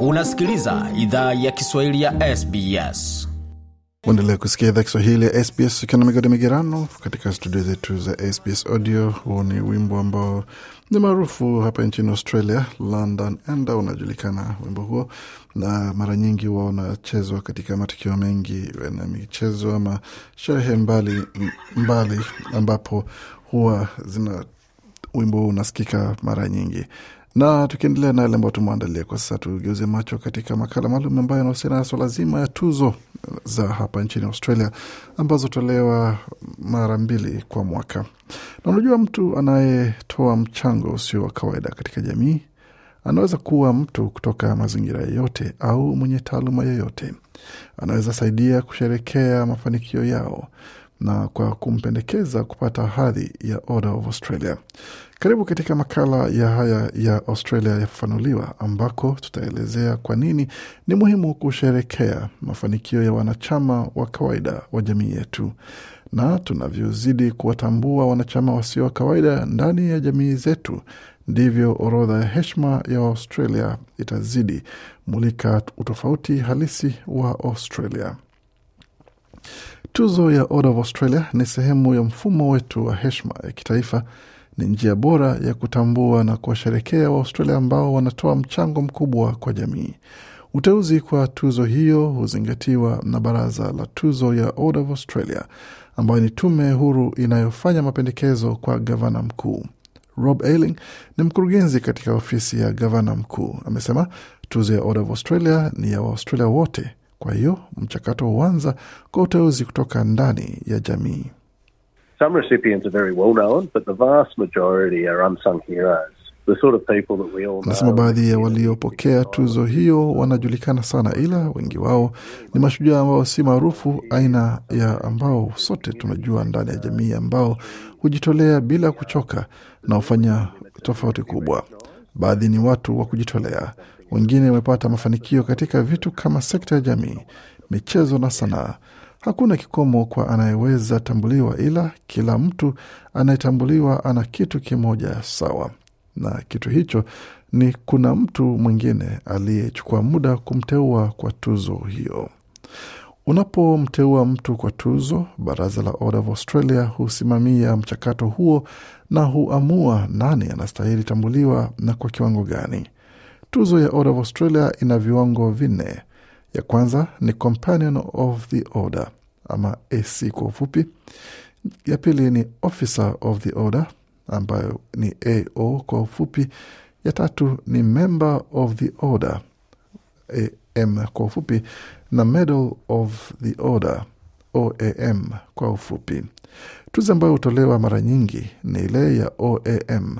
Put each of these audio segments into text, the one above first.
Unasikiliza idhaa ya Kiswahili ya SBS. Uendelea kusikia idhaa Kiswahili ya SBS ukiwa na migodi migerano katika studio zetu za SBS Audio. Huu ni wimbo ambao ni maarufu hapa nchini Australia, London Enda unajulikana wimbo huo, na mara nyingi huwa unachezwa katika matukio mengi na michezo ama sherehe mbali mbali, ambapo huwa zina wimbo huu unasikika mara nyingi na tukiendelea na yale ambayo tumeandalia kwa sasa, tugeuze macho katika makala maalum ambayo yanahusiana na swala zima ya tuzo za hapa nchini Australia ambazo tolewa mara mbili kwa mwaka. Na unajua, mtu anayetoa mchango usio wa kawaida katika jamii anaweza kuwa mtu kutoka mazingira yoyote au mwenye taaluma yoyote. Anaweza saidia kusherekea mafanikio yao, na kwa kumpendekeza kupata hadhi ya Order of Australia. Karibu katika makala ya haya ya Australia yafafanuliwa, ambako tutaelezea kwa nini ni muhimu kusherekea mafanikio ya wanachama wa kawaida wa jamii yetu na tunavyozidi kuwatambua wanachama wasio wa kawaida ndani ya jamii zetu ndivyo orodha ya heshima ya Australia itazidi mulika utofauti halisi wa Australia. Tuzo ya Order of Australia ni sehemu ya mfumo wetu wa heshima ya kitaifa. Ni njia bora ya kutambua na kuwasherekea Waaustralia ambao wanatoa mchango mkubwa kwa jamii. Uteuzi kwa tuzo hiyo huzingatiwa na baraza la tuzo ya Order of Australia, ambayo ni tume huru inayofanya mapendekezo kwa gavana mkuu. Rob Ailing ni mkurugenzi katika ofisi ya gavana mkuu, amesema tuzo ya Order of Australia ni ya Waaustralia wote kwa hiyo mchakato huanza kwa uteuzi kutoka ndani ya jamii. Some recipients are very well known, but the vast majority are unsung heroes. Anasema baadhi ya waliopokea tuzo hiyo wanajulikana sana, ila wengi wao ni mashujaa ambao si maarufu, aina ya ambao sote tunajua ndani ya jamii, ambao hujitolea bila kuchoka na hufanya tofauti kubwa. Baadhi ni watu wa kujitolea, wengine wamepata mafanikio katika vitu kama sekta ya jamii, michezo na sanaa. Hakuna kikomo kwa anayeweza tambuliwa, ila kila mtu anayetambuliwa ana kitu kimoja sawa, na kitu hicho ni kuna mtu mwingine aliyechukua muda kumteua kwa tuzo hiyo. Unapomteua mtu kwa tuzo, baraza la Order of Australia husimamia mchakato huo na huamua nani anastahili tambuliwa na kwa kiwango gani. Tuzo ya Order of Australia ina viwango vinne. Ya kwanza ni Companion of the Order ama AC kwa ufupi. Ya pili ni Officer of the Order ambayo ni AO kwa ufupi. Ya tatu ni Member of the Order AM kwa ufupi na Medal of the Order OAM kwa ufupi. Tuzo ambayo hutolewa mara nyingi ni ile ya OAM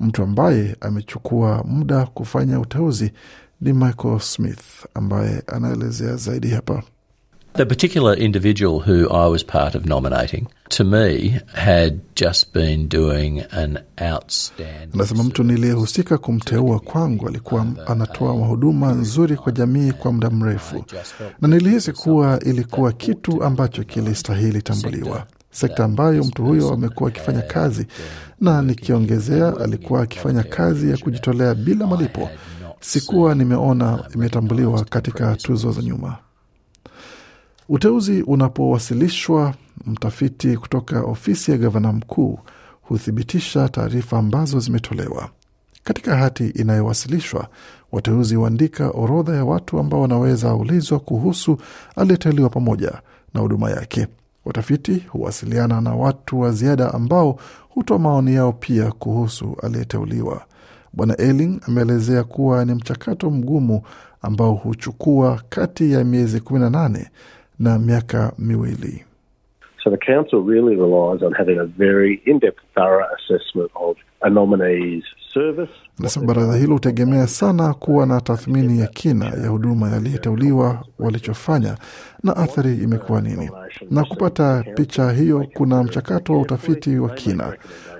Mtu ambaye amechukua muda kufanya uteuzi ni Michael Smith ambaye anaelezea zaidi hapa. The particular individual who I was part of nominating to me had just been doing an outstanding. Anasema mtu niliyehusika kumteua kwangu alikuwa anatoa huduma nzuri kwa jamii kwa muda mrefu, na nilihisi kuwa ilikuwa kitu ambacho kilistahili tambuliwa sekta ambayo mtu huyo amekuwa akifanya kazi, na nikiongezea, alikuwa akifanya kazi ya kujitolea bila malipo. Sikuwa nimeona imetambuliwa katika tuzo za nyuma. Uteuzi unapowasilishwa, mtafiti kutoka ofisi ya gavana mkuu huthibitisha taarifa ambazo zimetolewa. Katika hati inayowasilishwa, wateuzi huandika orodha ya watu ambao wanaweza ulizwa kuhusu aliyeteuliwa pamoja na huduma yake. Watafiti huwasiliana na watu wa ziada ambao hutoa maoni yao pia kuhusu aliyeteuliwa. Bwana eling ameelezea kuwa ni mchakato mgumu ambao huchukua kati ya miezi kumi na nane na miaka miwili. So the council really relies on having a very in-depth thorough assessment of a nominee's Anasema baraza hilo hutegemea sana kuwa na tathmini ya kina ya huduma yaliyeteuliwa walichofanya na athari imekuwa nini, na kupata picha hiyo kuna mchakato wa utafiti wa kina.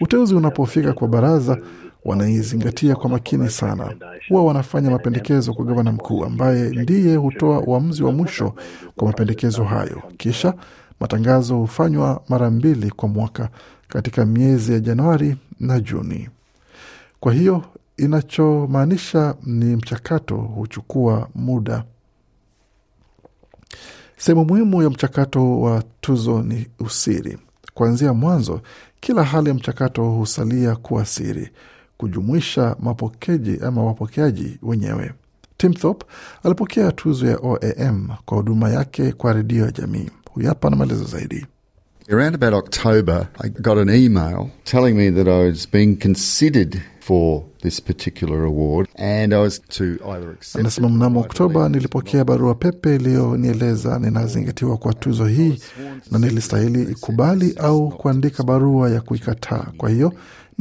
Uteuzi unapofika kwa baraza wanaizingatia kwa makini sana. Huwa wanafanya mapendekezo kwa gavana mkuu ambaye ndiye hutoa uamuzi wa mwisho kwa mapendekezo hayo. Kisha matangazo hufanywa mara mbili kwa mwaka katika miezi ya Januari na Juni. Kwa hiyo inachomaanisha ni mchakato huchukua muda. Sehemu muhimu ya mchakato wa tuzo ni usiri. Kuanzia mwanzo, kila hali ya mchakato husalia kuwa siri, kujumuisha mapokeji ama wapokeaji wenyewe. Tim Thorpe alipokea tuzo ya OAM kwa huduma yake kwa redio ya jamii. Huyu hapa na maelezo zaidi. Around about October, I got an email telling me that I was being considered for this particular award and I was to either accept. Anasema mnamo Oktoba nilipokea barua pepe iliyonieleza ninazingatiwa kwa tuzo hii na nilistahili ikubali au kuandika barua ya kuikataa. Kwa hiyo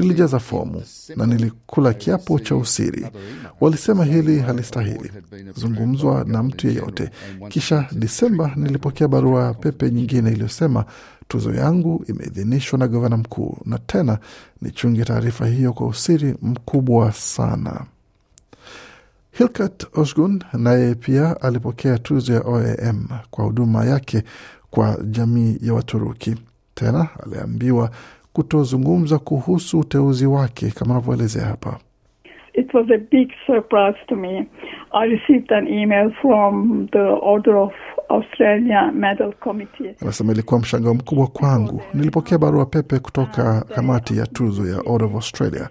Nilijaza fomu na nilikula kiapo cha usiri. Walisema hili halistahili zungumzwa na mtu yeyote. Kisha Disemba nilipokea barua pepe nyingine iliyosema tuzo yangu imeidhinishwa na gavana mkuu, na tena nichunge taarifa hiyo kwa usiri mkubwa sana. Hilkat Osgun naye pia alipokea tuzo ya OAM kwa huduma yake kwa jamii ya Waturuki. Tena aliambiwa kutozungumza kuhusu uteuzi wake kama anavyoelezea hapa. It was a big surprise to me. I received an email from the Order of Australia Medal Committee. Anasema ilikuwa mshangao mkubwa kwangu. Nilipokea barua pepe kutoka kamati ya tuzo ya Order of Australia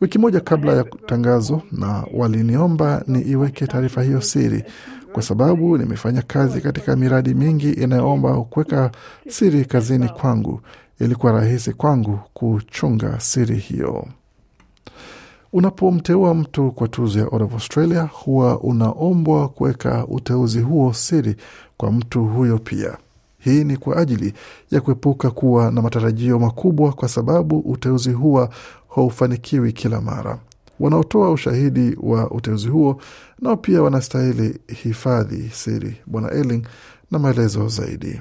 wiki moja kabla ya tangazo, na waliniomba niiweke taarifa hiyo siri kwa sababu nimefanya kazi katika miradi mingi inayoomba kuweka siri kazini kwangu ilikuwa rahisi kwangu kuchunga siri hiyo. Unapomteua mtu kwa tuzo ya Order of Australia, huwa unaombwa kuweka uteuzi huo siri kwa mtu huyo pia. Hii ni kwa ajili ya kuepuka kuwa na matarajio makubwa, kwa sababu uteuzi huwa haufanikiwi kila mara. Wanaotoa ushahidi wa uteuzi huo nao pia wanastahili hifadhi siri. Bwana Elling na maelezo zaidi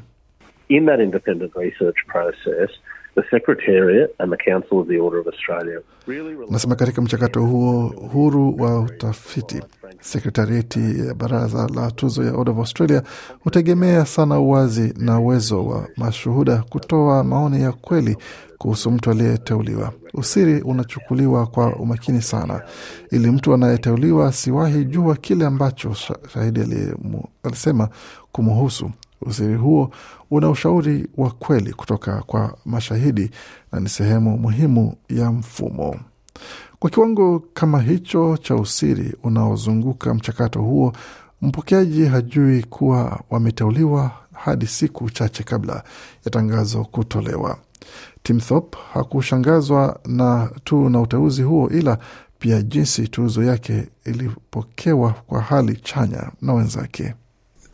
in that independent research process the Secretariat and the Council of the Order of Australia really nasema katika mchakato huo huru wa utafiti sekretarieti ya baraza la tuzo ya Order of Australia hutegemea sana uwazi na uwezo wa mashuhuda kutoa maoni ya kweli kuhusu mtu aliyeteuliwa. Usiri unachukuliwa kwa umakini sana, ili mtu anayeteuliwa asiwahi jua kile ambacho shahidi alisema kumuhusu Usiri huo una ushauri wa kweli kutoka kwa mashahidi na ni sehemu muhimu ya mfumo. Kwa kiwango kama hicho cha usiri unaozunguka mchakato huo, mpokeaji hajui kuwa wameteuliwa hadi siku chache kabla ya tangazo kutolewa. Tim Thorpe hakushangazwa na tu na uteuzi huo, ila pia jinsi tuzo yake ilipokewa kwa hali chanya na wenzake.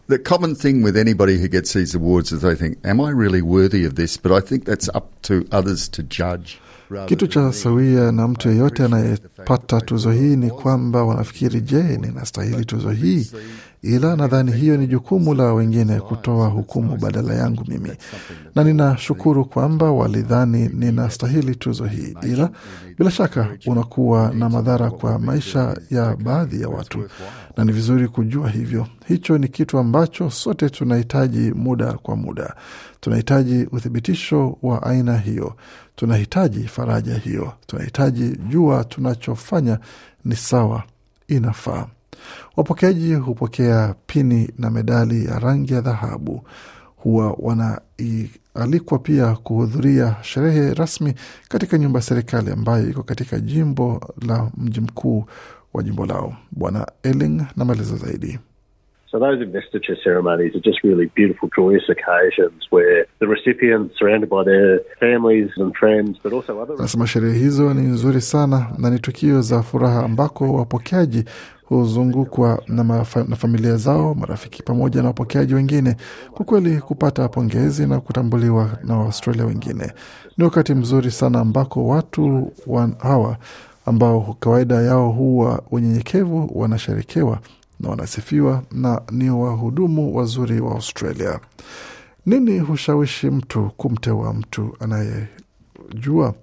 the common thing with anybody who gets these awards is they think, "Am I really worthy of this?" But I think that's up to others to judge. Kitu cha sawia na mtu yeyote kupata tuzo hii ni kwamba wanafikiri, je, ninastahili tuzo hii? Ila nadhani hiyo ni jukumu la wengine kutoa hukumu badala yangu mimi, na ninashukuru kwamba walidhani ninastahili tuzo hii, ila bila shaka unakuwa na madhara kwa maisha ya baadhi ya watu, na ni vizuri kujua hivyo. Hicho ni kitu ambacho sote tunahitaji muda kwa muda. Tunahitaji uthibitisho wa aina hiyo, tunahitaji faraja hiyo, tunahitaji jua tunacho unalofanya ni sawa, inafaa. Wapokeaji hupokea pini na medali ya rangi ya dhahabu. Huwa wanaalikwa pia kuhudhuria sherehe rasmi katika nyumba ya serikali ambayo iko katika jimbo la mji mkuu wa jimbo lao. Bwana Elling na maelezo zaidi. So those investiture ceremonies are just really beautiful, joyous occasions where the recipients surrounded by their families and friends, but also other... Nasema sherehe hizo ni nzuri sana na ni tukio za furaha ambako wapokeaji huzungukwa na, na familia zao, marafiki pamoja na wapokeaji wengine. Kwa kweli kupata pongezi na kutambuliwa na Waaustralia wengine ni wakati mzuri sana ambako watu wan, hawa ambao kawaida yao huwa unyenyekevu wanasherekewa na wanasifiwa na ni wahudumu wazuri wa Australia. Nini hushawishi mtu kumteua mtu anayejua?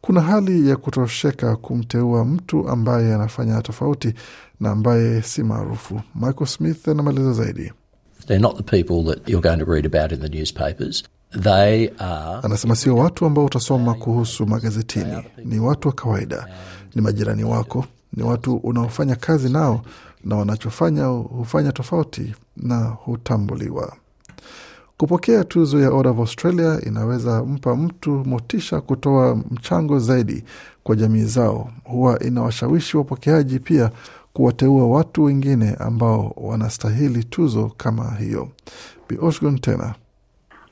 Kuna hali ya kutosheka kumteua mtu ambaye anafanya tofauti na ambaye si maarufu. Michael Smith anamaeleza zaidi. Anasema sio watu ambao utasoma kuhusu magazetini, ni watu wa kawaida, ni majirani wako, ni watu unaofanya kazi nao na wanachofanya hufanya tofauti na hutambuliwa. Kupokea tuzo ya Order of Australia inaweza mpa mtu motisha kutoa mchango zaidi kwa jamii zao. Huwa inawashawishi wapokeaji pia kuwateua watu wengine ambao wanastahili tuzo kama hiyo. Bi tena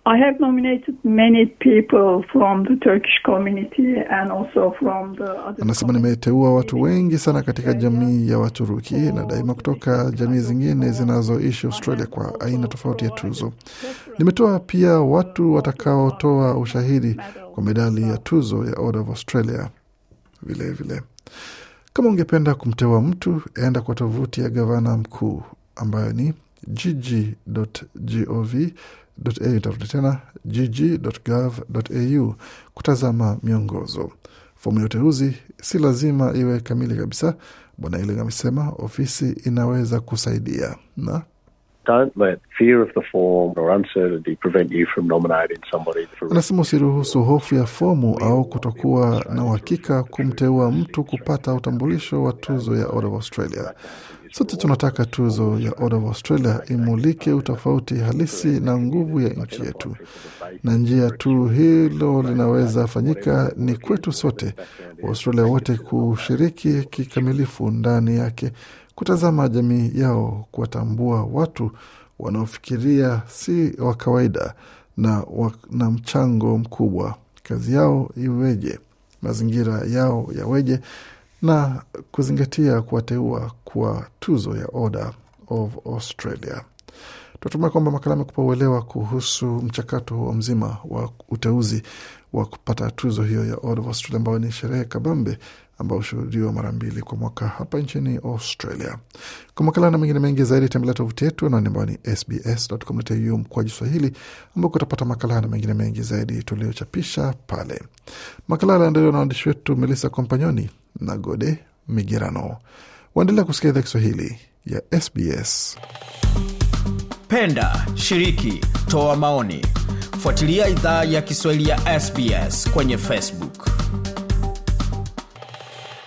I have nominated many people from the Turkish community and also from the other. Anasema nimeteua watu wengi sana katika jamii ya Waturuki na daima kutoka jamii zingine zinazoishi Australia kwa aina tofauti ya tuzo. Nimetoa pia watu watakaotoa ushahidi kwa medali ya tuzo ya Order of Australia. Vilevile vile. Kama ungependa kumteua mtu, enda kwa tovuti ya gavana mkuu ambayo ni gg.gov au tena ggg.gov.au kutazama miongozo. Fomu ya uteuzi si lazima iwe kamili kabisa, Bwana Iling amesema ofisi inaweza kusaidia na Anasema usiruhusu hofu ya fomu au kutokuwa na uhakika kumteua mtu kupata utambulisho wa tuzo ya Order of Australia. Sote tunataka tuzo ya Order of Australia imulike utofauti halisi na nguvu ya nchi yetu, na njia tu hilo linaweza fanyika ni kwetu sote Waustralia wote kushiriki kikamilifu ndani yake, kutazama jamii yao, kuwatambua watu wanaofikiria si wa kawaida na, wa, na mchango mkubwa, kazi yao iweje, mazingira yao yaweje na kuzingatia kuwateua kwa tuzo ya Order of Australia. Tunatumai kwamba makala amekupa uelewa kuhusu mchakato wa mzima wa uteuzi wa kupata tuzo hiyo ya Order of Australia, ambayo ni sherehe kabambe ambayo hushuhudiwa mara mbili kwa mwaka hapa nchini Australia. Kwa makala na mengine mengi zaidi, tembelea tovuti yetu na ambayo ni sbs.com.au mkwaju Swahili, ambako utapata makala na mengine mengi zaidi tuliochapisha pale. Makala yaliandaliwa na waandishi wetu Melissa Kompanyoni na Gode Migerano. Waendelea kusikia idhaa Kiswahili ya SBS. Penda, shiriki, toa maoni, fuatilia idhaa ya Kiswahili ya SBS kwenye Facebook.